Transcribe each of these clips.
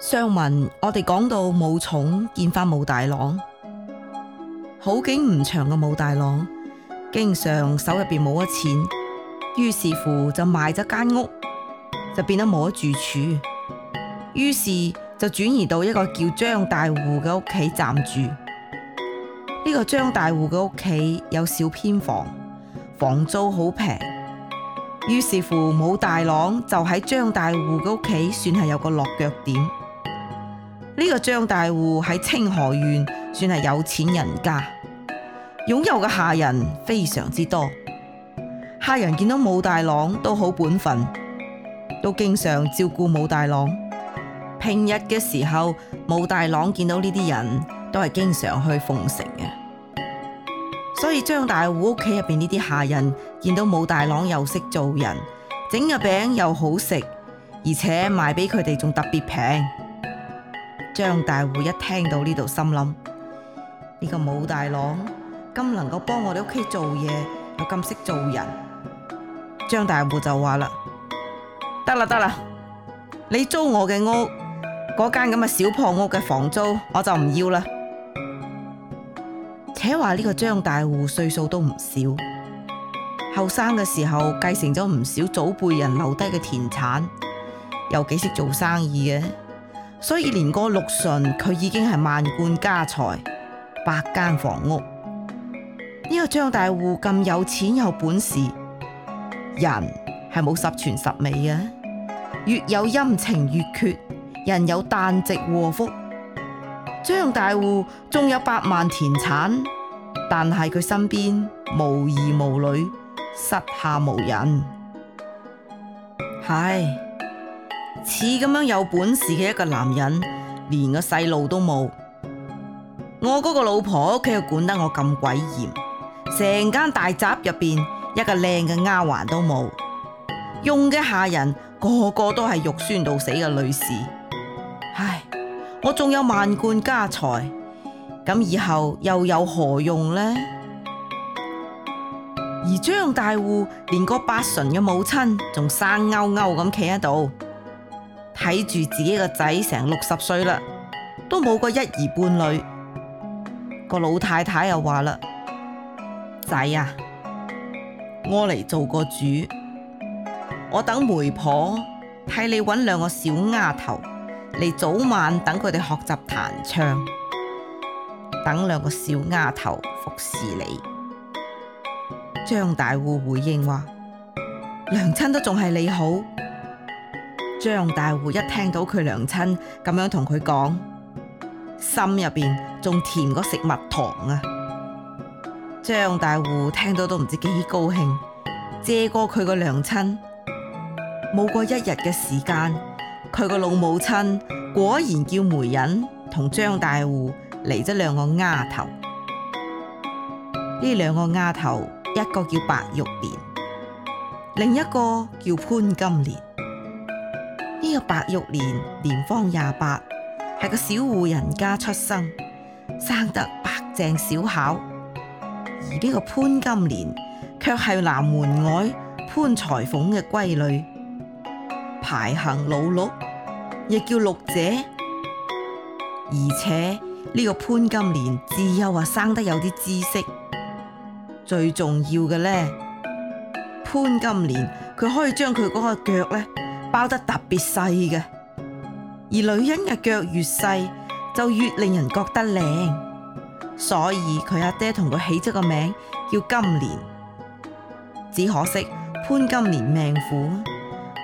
上文我哋講到武重見翻武大郎，好景唔長嘅武大郎經常手入邊冇咗錢，於是乎就賣咗間屋，就變得冇咗住處，於是就轉移到一個叫張大戶嘅屋企暫住。呢個張大戶嘅屋企有小偏房，房租好平，於是乎武大郎就喺張大戶嘅屋企算係有個落腳點。呢個張大戶喺清河縣算係有錢人家，擁有嘅下人非常之多。下人見到武大郎都好本分，都經常照顧武大郎。平日嘅時候，武大郎見到呢啲人都係經常去奉承嘅。所以張大戶屋企入邊呢啲下人見到武大郎又識做人，整嘅餅又好食，而且賣俾佢哋仲特別平。張大戶一聽到呢度，心諗呢個武大郎咁能夠幫我哋屋企做嘢，又咁識做人。張大戶就話啦：得啦，得啦，你租我嘅屋，嗰間咁嘅小破屋嘅房租，我就唔要啦。且話呢個張大戶歲數都唔少，後生嘅時候繼承咗唔少祖輩人留低嘅田產，又幾識做生意嘅。所以年過六旬，佢已經係萬貫家財，百間房屋。呢、這個張大戶咁有錢有本事，人係冇十全十美嘅。月有陰晴圓缺，人有旦夕禍福。張大戶仲有百萬田產，但係佢身邊無兒無女，膝下無人。唉。似咁樣有本事嘅一個男人，連個細路都冇。我嗰個老婆屋企又管得我咁鬼嚴，成間大宅入邊一個靚嘅丫鬟都冇，用嘅下人個個都係肉酸到死嘅女士。唉，我仲有萬貫家財，咁以後又有何用呢？而張大戶連個八旬嘅母親仲生勾勾咁企喺度。睇住自己個仔成六十歲啦，都冇個一兒半女。個老太太又話啦：，仔呀、啊，我嚟做個主，我等媒婆替你揾兩個小丫頭嚟早晚等佢哋學習彈唱，等兩個小丫頭服侍你。張大戶回應話：，娘親都仲係你好。張大戶一聽到佢娘親咁樣同佢講，心入邊仲甜過食蜜糖啊！張大戶聽到都唔知幾高興，借過佢個娘親，冇過一日嘅時間，佢個老母親果然叫媒人同張大戶嚟咗兩個丫頭。呢兩個丫頭，一個叫白玉蓮，另一個叫潘金蓮。呢個白玉蓮年，年方廿八，係個小戶人家出生，生得白淨小巧；而呢個潘金蓮卻係南門外潘裁縫嘅閨女，排行老六，亦叫六姐。而且呢、呢個潘金蓮自幼啊生得有啲知識，最重要嘅咧，潘金蓮佢可以將佢嗰個腳咧。包得特別細嘅，而女人嘅腳越細就越令人覺得靚，所以佢阿爹同佢起咗個名叫金蓮。只可惜潘金蓮命苦，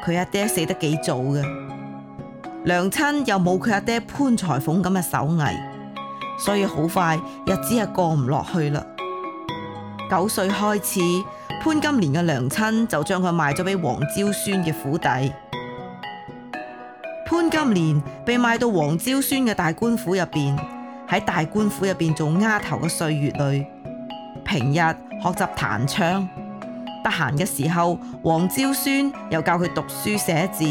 佢阿爹死得幾早嘅，娘親又冇佢阿爹潘裁縫咁嘅手藝，所以好快日子係過唔落去啦。九歲開始。潘金蓮嘅娘親就將佢賣咗俾王招宣嘅府邸，潘金蓮被賣到王招宣嘅大官府入邊。喺大官府入邊做丫頭嘅歲月裏，平日學習彈唱，得閒嘅時候，王招宣又教佢讀書寫字。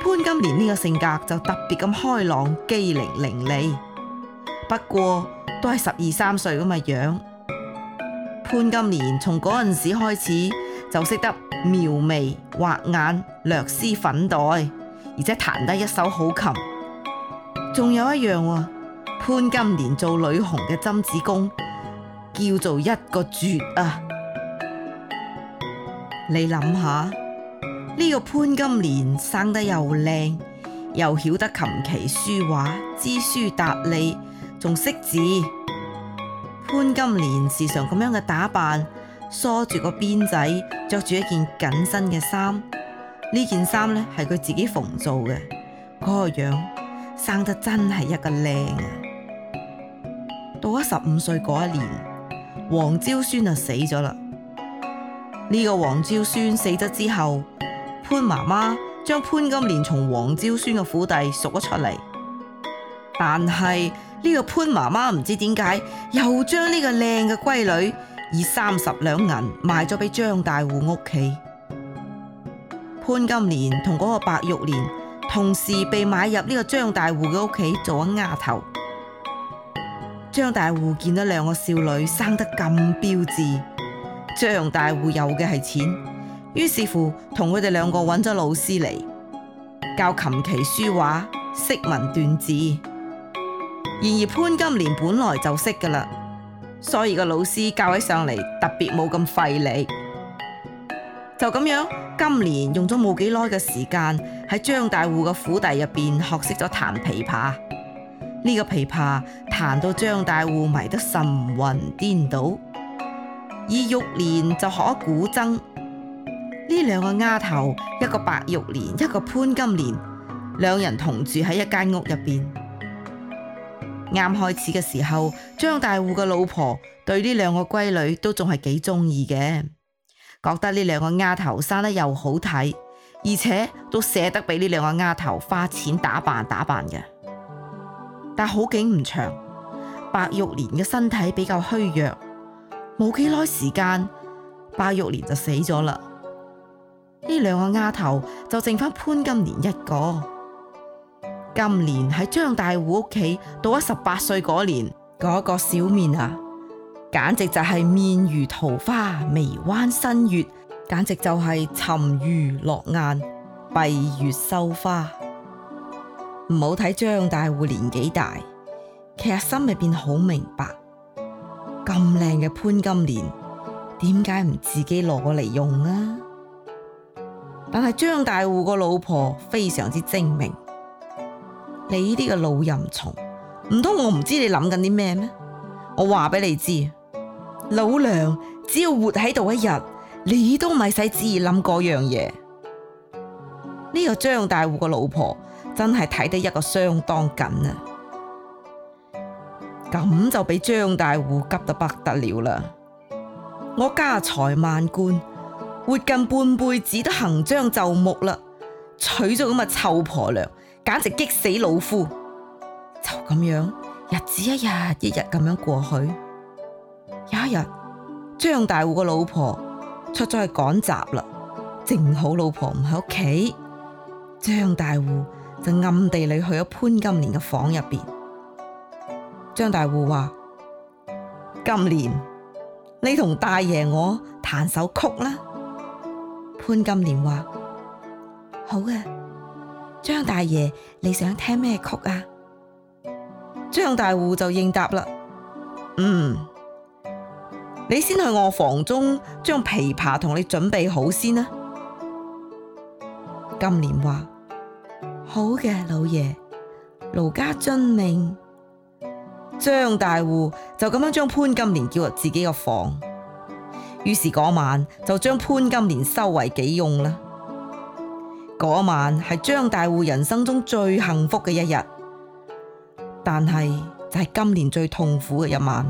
潘金蓮呢個性格就特別咁開朗、機靈、伶俐。不過都係十二三歲咁嘅樣。潘金蓮從嗰陣時開始就識得描眉畫眼、略施粉黛，而且彈得一手好琴。仲有一樣、啊，潘金蓮做女紅嘅針子工，叫做一個絕啊！你諗下，呢個潘金蓮生得又靚，又曉得琴棋書畫、知書達理，仲識字。潘金蓮時常咁樣嘅打扮，梳住個辮仔，着住一件緊身嘅衫。呢件衫咧係佢自己縫做嘅。嗰、那個樣生得真係一個靚啊！到咗十五歲嗰一年，黃昭宣就死咗啦。呢、這個黃昭宣死咗之後，潘媽媽將潘金蓮從黃昭宣嘅府邸贖咗出嚟，但係。呢個潘媽媽唔知點解又將呢個靚嘅閨女以三十兩銀賣咗俾張大戶屋企。潘金蓮同嗰個白玉蓮同時被買入呢個張大戶嘅屋企做咗丫頭。張大戶見到兩個少女生得咁標致，張大戶有嘅係錢，於是乎同佢哋兩個揾咗老師嚟教琴棋書畫、識文斷字。然而潘金蓮本來就識噶啦，所以個老師教起上嚟特別冇咁費力。就咁樣，金蓮用咗冇幾耐嘅時間喺張大戶嘅府邸入邊學識咗彈琵琶。呢個琵琶彈到張大戶迷得神魂顛倒。而玉蓮就學咗古箏。呢兩個丫頭，一個白玉蓮，一個潘金蓮，兩人同住喺一間屋入邊。啱開始嘅時候，張大戶嘅老婆對呢兩個閨女都仲係幾中意嘅，覺得呢兩個丫頭生得又好睇，而且都捨得俾呢兩個丫頭花錢打扮打扮嘅。但好景唔長，白玉蓮嘅身體比較虛弱，冇幾耐時間，白玉蓮就死咗啦。呢兩個丫頭就剩返潘金蓮一個。今年喺張大戶屋企到咗十八歲嗰年，嗰、嗰個小面啊，簡直就係面如桃花，眉彎新月，簡直就係沉魚落雁，閉月羞花。唔好睇張大戶年紀大，其實心入邊好明白，咁靚嘅潘金蓮，點解唔自己攞嚟用啊？但係張大戶個老婆非常之精明。你呢啲個老淫蟲，唔通我唔知你諗緊啲咩咩？我話俾你知，老娘只要活喺度一日，你都唔係使旨意諗嗰樣嘢。呢個張大戶個老婆真係睇得一個相當緊啊！咁就俾張大戶急到不得了啦！我家財萬貫，活近半輩子都行將就木啦，娶咗咁嘅臭婆娘。簡直激死老夫！就咁樣，日子一日一日咁樣過去。有一日，張大戶個老婆出咗去趕集啦，正好老婆唔喺屋企，張大戶就暗地裏去咗潘金蓮嘅房入邊。張大戶話：金蓮，你同大爺我彈首曲啦。潘金蓮話：好嘅。張大爺，你想聽咩曲啊？張大戶就應答啦，嗯，你先去我房中將琵琶同你準備好先啦。金蓮話：好嘅，老爺，奴家遵命。張大戶就咁樣將潘金蓮叫入自己個房，於是嗰晚就將潘金蓮收為己用啦。嗰晚係張大戶人生中最幸福嘅一日，但係就係今年最痛苦嘅一晚。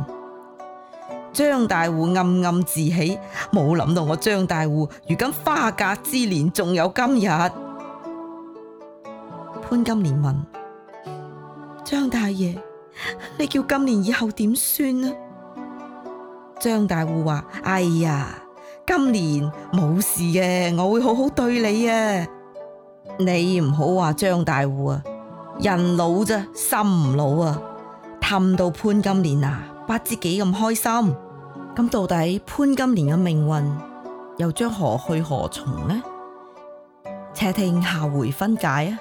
張大戶暗暗自喜，冇諗到我張大戶如今花甲之年仲有今日。潘金蓮問，張大爺，你叫今年以後點算啊？張大戶話，哎呀，今年冇事嘅，我會好好對你啊！你唔好話張大戶啊，人老啫，心唔老啊，氹到潘金蓮啊，不知幾咁開心。咁到底潘金蓮嘅命運又將何去何從呢？且聽下回分解啊！